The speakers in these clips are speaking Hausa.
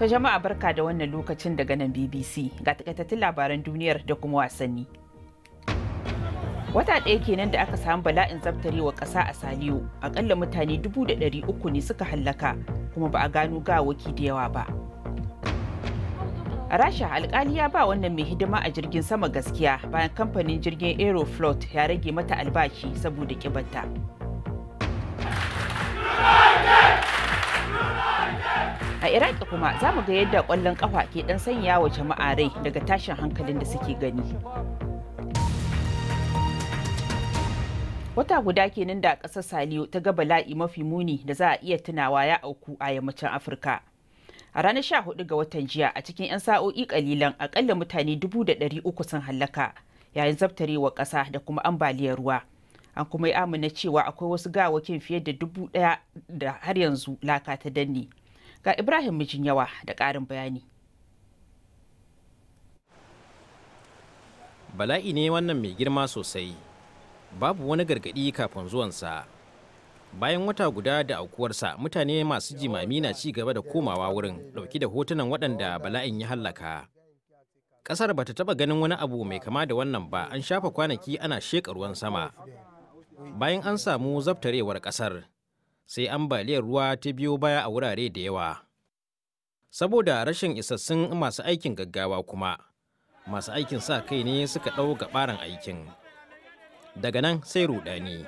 To jama'a barka da wannan lokacin daga nan BBC ga takaitattun labaran duniyar da kuma wasanni. Wata ɗaya kenan da aka samu bala'in zabtarewa ƙasa a Saliyo, akalla mutane dubu da ɗari uku ne suka hallaka kuma ba a gano waki da yawa ba. A Rasha alkali ya ba wannan mai hidima a jirgin sama gaskiya bayan kamfanin jirgin Aeroflot ya rage mata albashi saboda kibarta. a iraq kuma za mu ga yadda kwallon kafa ke ɗan sanya wa jama'a rai daga tashin hankalin da suke gani wata guda kenan da ƙasar saliyo ta ga bala'i mafi muni da za a iya tunawa ya auku a yammacin afirka a ranar 14 ga watan jiya a cikin 'yan sa'o'i kalilan akalla mutane 300 sun hallaka yayin zabtarewa ƙasa da kuma ambaliyar ruwa an kuma yi amina cewa akwai wasu gawakin fiye da dubu daya da har yanzu laka ta danne Ga Ibrahim mijin yawa da ƙarin bayani. Bala'i ne wannan mai girma sosai, babu wani gargaɗi kafin zuwansa. Bayan wata guda da aukuwarsa mutane masu jimami na ci gaba da komawa wurin ɗauki da hotunan waɗanda bala'in ya hallaka. Ƙasar ba ta taɓa ganin wani abu mai kama da wannan ba an shafa kwanaki ana sheƙa ruwan sama. Bayan an samu zaftarewar ƙasar, sai ambaliyar ruwa ta biyo baya a wurare da yawa saboda rashin isassun masu aikin gaggawa kuma masu aikin sa kai ne suka ɗau gabaran aikin daga nan sai rudani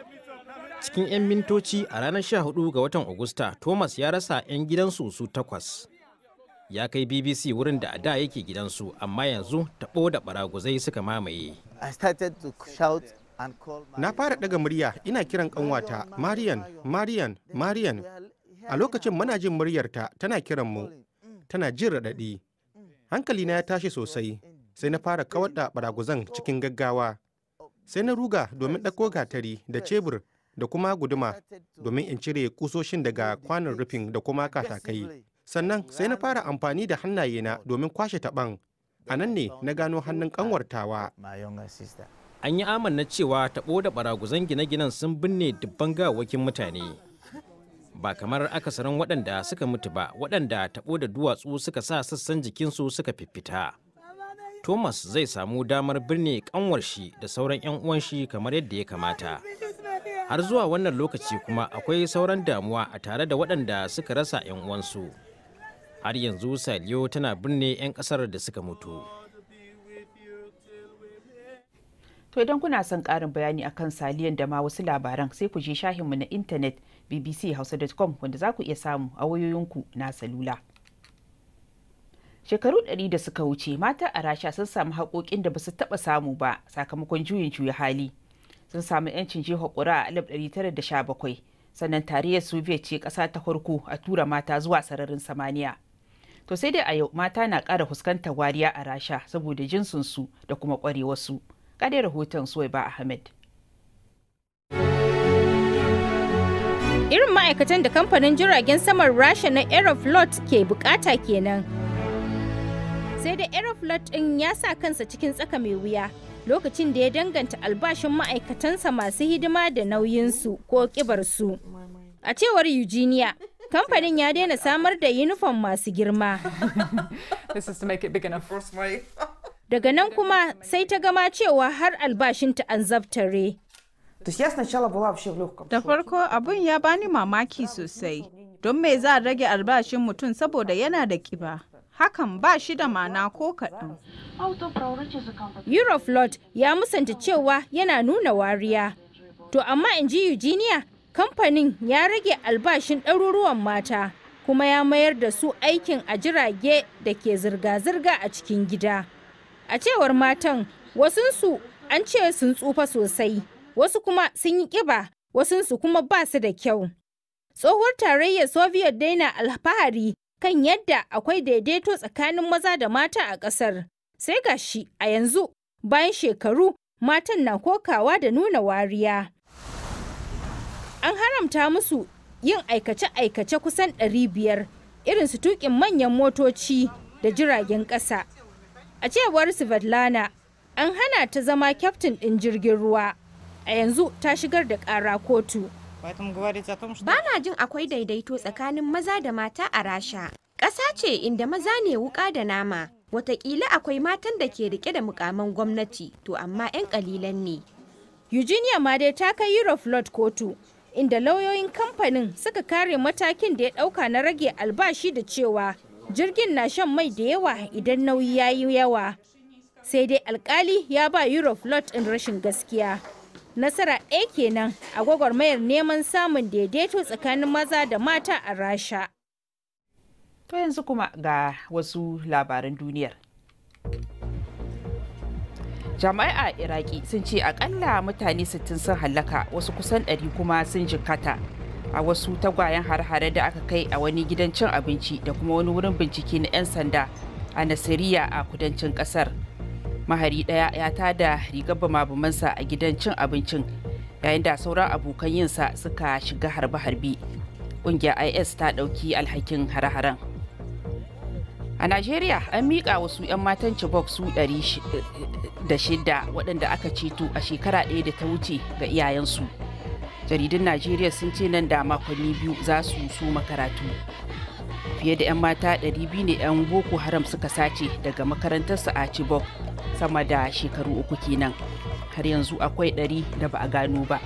cikin 'yan mintoci a ranar 14 ga watan Agusta, Thomas ya rasa 'yan gidansu su takwas. Ya kai BBC wurin da a da yake gidansu, amma yanzu taɓo da baraguzai suka mamaye. I started to shout Na fara ɗaga murya ina kiran ƙanwata Marian, Marian, Marian. A lokacin mana jin muryarta tana kiran mu, tana jin raɗaɗi. Hankalina ya tashi sosai, sai na fara kawar da baraguzan cikin gaggawa. Sai na ruga domin ɗauko gatari da cebur da kuma guduma domin in cire kusoshin daga kwanon rufin da kuma katakai. Sannan sai na fara amfani da hannayena domin kwashe taɓan. A nan ne na gano hannun kanwartawa. an yi amanna cewa taɓo da ɓaraguzan gine-ginen sun binne dubban gawakin mutane ba kamar akasarin waɗanda suka mutu ba waɗanda taɓo da duwatsu suka sa sassan jikinsu suka fiffita thomas zai samu damar birne kanwar shi da sauran 'yan uwan shi kamar yadda ya kamata har zuwa wannan lokaci kuma akwai sauran damuwa a tare da waɗanda suka rasa 'yan uwansu har yanzu saliyo tana birne 'yan ƙasar da suka mutu. To idan kuna son ƙarin bayani akan saliyan da wasu labaran sai ku je shahinmu na intanet bbchausa.com wanda za ku iya samu a wayoyinku na salula. Shekaru ɗari da suka wuce mata a Rasha sun samu haƙoƙin da ba su taɓa samu ba sakamakon juyin juya hali. Sun samu 'yancin jiha ƙura a 1917 sannan tarayyar Soviet ce ƙasa ta farko a tura mata zuwa sararin samaniya. to sai dai a yau mata na ƙara fuskantar wariya a rasha saboda jinsinsu da kuma ƙwarewarsu Ƙare rahoton Suwaiba Ahmed. Irin ma'aikatan da kamfanin jiragen saman Rasha na Aeroflot ke bukata kenan. Sai da Aeroflot ɗin ya sa kansa cikin tsaka mai wuya lokacin da ya danganta albashin ma'aikatansa masu hidima da nauyinsu ko ƙibarsu. A cewar Eugenia, kamfanin ya daina samar da yunifom masu girma. This Daga nan kuma sai ta gama cewa har albashinta an zabtare. Da farko abin ya bani mamaki sosai, don me za a rage albashin mutum saboda yana da kiba. Hakan ba shi da mana ko kaɗan. Euroflot ya musanta cewa yana nuna wariya. To amma in ji Eugenia, kamfanin ya rage albashin ɗaruruwan mata, kuma ya mayar da su aikin a jirage da ke zirga-zirga a cikin gida. a cewar matan wasunsu an ce sun tsufa sosai wasu kuma sun yi ƙiba wasunsu kuma ba su da kyau tsohuwar tarayyar soviet dai na alfahari kan yadda akwai daidaito tsakanin maza da mata a ƙasar sai gashi a yanzu bayan shekaru matan na kokawa da nuna wariya an haramta musu yin aikace-aikace kusan 500 irin su tuƙin manyan motoci da jiragen ƙasa A cewar Svetlana, an hana ta zama kyaftin ɗin jirgin ruwa. A yanzu ta shigar da ƙara kotu. Ba na jin akwai daidaito tsakanin maza da mata a Rasha. Ƙasa ce inda maza ne wuƙa da nama. Wataƙila akwai matan da ke rike da mukaman gwamnati, to amma 'yan ƙalilan ne. Eugenia dai ta kai Euroflot kotu, inda lauyoyin kamfanin suka kare matakin da ya ɗauka na rage albashi da cewa jirgin na shan mai da yawa idan nauyi ya yi yawa sai dai alkali ya ba euroflot in rashin gaskiya nasara ɗaya kenan a mayar neman samun daidaito tsakanin maza da mata a rasha to yanzu kuma ga wasu labaran duniyar jami'ai a iraki sun ce akalla mutane 60 sun hallaka wasu kusan 100 kuma sun jikata a wasu tagwayen har-hare da aka kai a wani gidan cin abinci da kuma wani wurin bincike na 'yan sanda a nasiriya a kudancin kasar mahari daya ya tada rigar bumabumansa a gidan cin abincin yayin da sauran abokan yinsa suka shiga harbe-harbe ƙungiyar is ta ɗauki alhakin har haren a najeriya an miƙa wasu 'yan matan chibok su 600 waɗanda aka ceto a shekara ɗaya da ta wuce ga iyayensu jaridun najeriya sun ce nan da makonni biyu za su su makaratu fiye da 'yan mata 200 ne 'yan boko haram suka sace daga makarantarsu a chibok sama da shekaru uku kenan har yanzu akwai 100 da ba a gano ba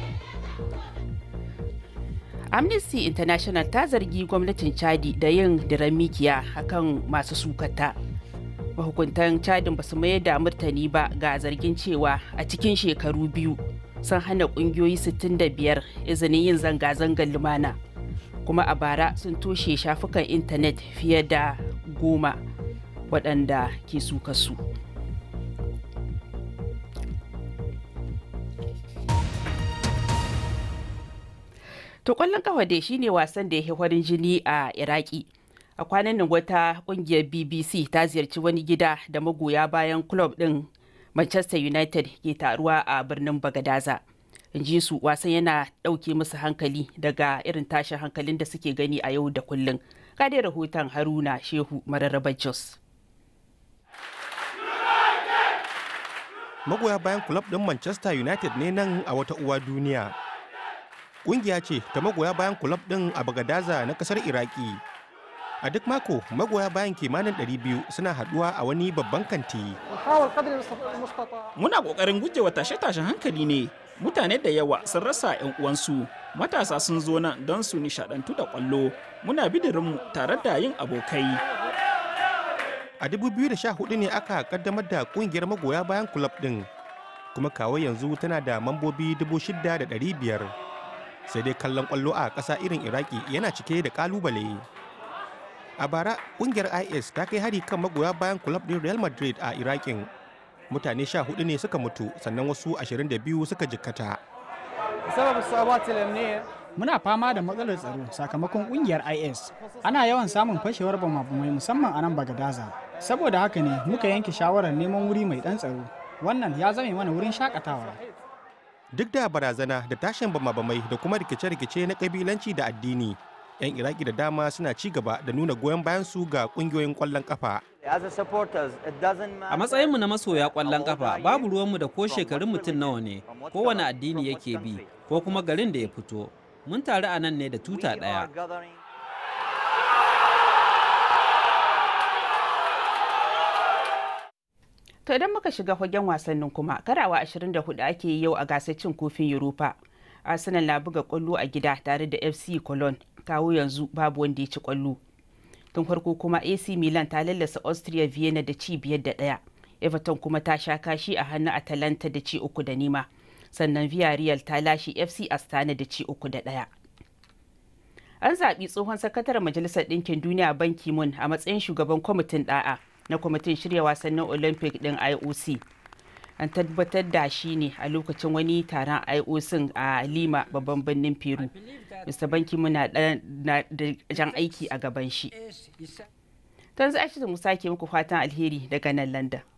amnesty international ta zargi gwamnatin chadi da yin diramikiya mikiya akan masu sukata mahukuntan chadin ba su mayar da martani ba ga zargin cewa a cikin shekaru biyu sun hana kungiyoyi 65 izinin yin zanga-zangar lumana kuma a bara sun toshe shafukan intanet fiye da goma waɗanda ke suka su to ƙwallon ƙafa shi shine wasan da ya farin jini a iraki a kwanan wata ƙungiyar bbc ta ziyarci wani gida da magoya bayan club din. manchester united ke taruwa a birnin bagadaza ji su wasan yana ɗauke musu hankali daga irin tashin hankalin da suke gani a yau da kullum Kade rahoton haruna shehu mararraba jos magoya bayan kulab ɗin manchester united ne nan a wata uwa duniya ƙungiya ce ta magoya bayan kulob ɗin a bagadaza na ƙasar iraki a duk mako magoya bayan kimanin 200 suna haduwa a wani babban kanti muna kokarin gujewa tashe-tashen hankali ne mutane da yawa sun rasa 'yan uwansu matasa sun zo nan don su nishadantu da kwallo muna bidirinmu tare da yin abokai a 2014 ne aka kaddamar da kungiyar magoya bayan kulab din kuma kawo yanzu tana da mambobi 6,500 sai dai kallon kwallo a ƙasa irin iraki yana cike da ƙalubale. a bara kungiyar is ta kai hari kan magoya bayan club din real madrid a Iraƙin. mutane sha hudu ne suka mutu sannan wasu ashirin 22 suka jikkata muna fama da matsalar tsaro sakamakon kungiyar is ana yawan samun fashewar mai musamman a nan bagadaza saboda haka ne muka yanke shawarar neman wuri mai dan tsaro wannan ya zame mana wurin shakatawa duk da barazana da tashin bamabamai da kuma rikice-rikice na kabilanci da addini 'yan iraki da dama suna ci gaba da nuna goyon bayan su ga kungiyoyin kwallon kafa a matsayinmu na masoya kwallon kafa babu ruwanmu da ko shekarun mutum nawa ne kowane addini yake bi ko kuma garin da ya fito mun taru a nan ne da tuta ɗaya to idan muka shiga fagen wasannin kuma karawa 24 ake yi yau a gasar cin kofin europa arsenal na buga kwallo a gida tare da fc cologne kawo yanzu babu wanda ya ci kwallo tun farko kuma ac milan ta lallasa austria vienna da ci biyar da daya everton kuma ta sha kashi a hannun atalanta da ci uku da nema sannan villarreal ta lashe fc astana da ci uku da daya. an zaɓi tsohon sakataren majalisar ɗinkin duniya banki mun a matsayin shugaban kwamitin ɗa'a na kwamitin shirya wasannin olympic ɗin ioc an tabbatar da shi ne a lokacin wani taron ioc a lima babban birnin peru mr banki muna da jan aiki a gaban shi tanzu aisha musa ke muku fatan alheri daga nan london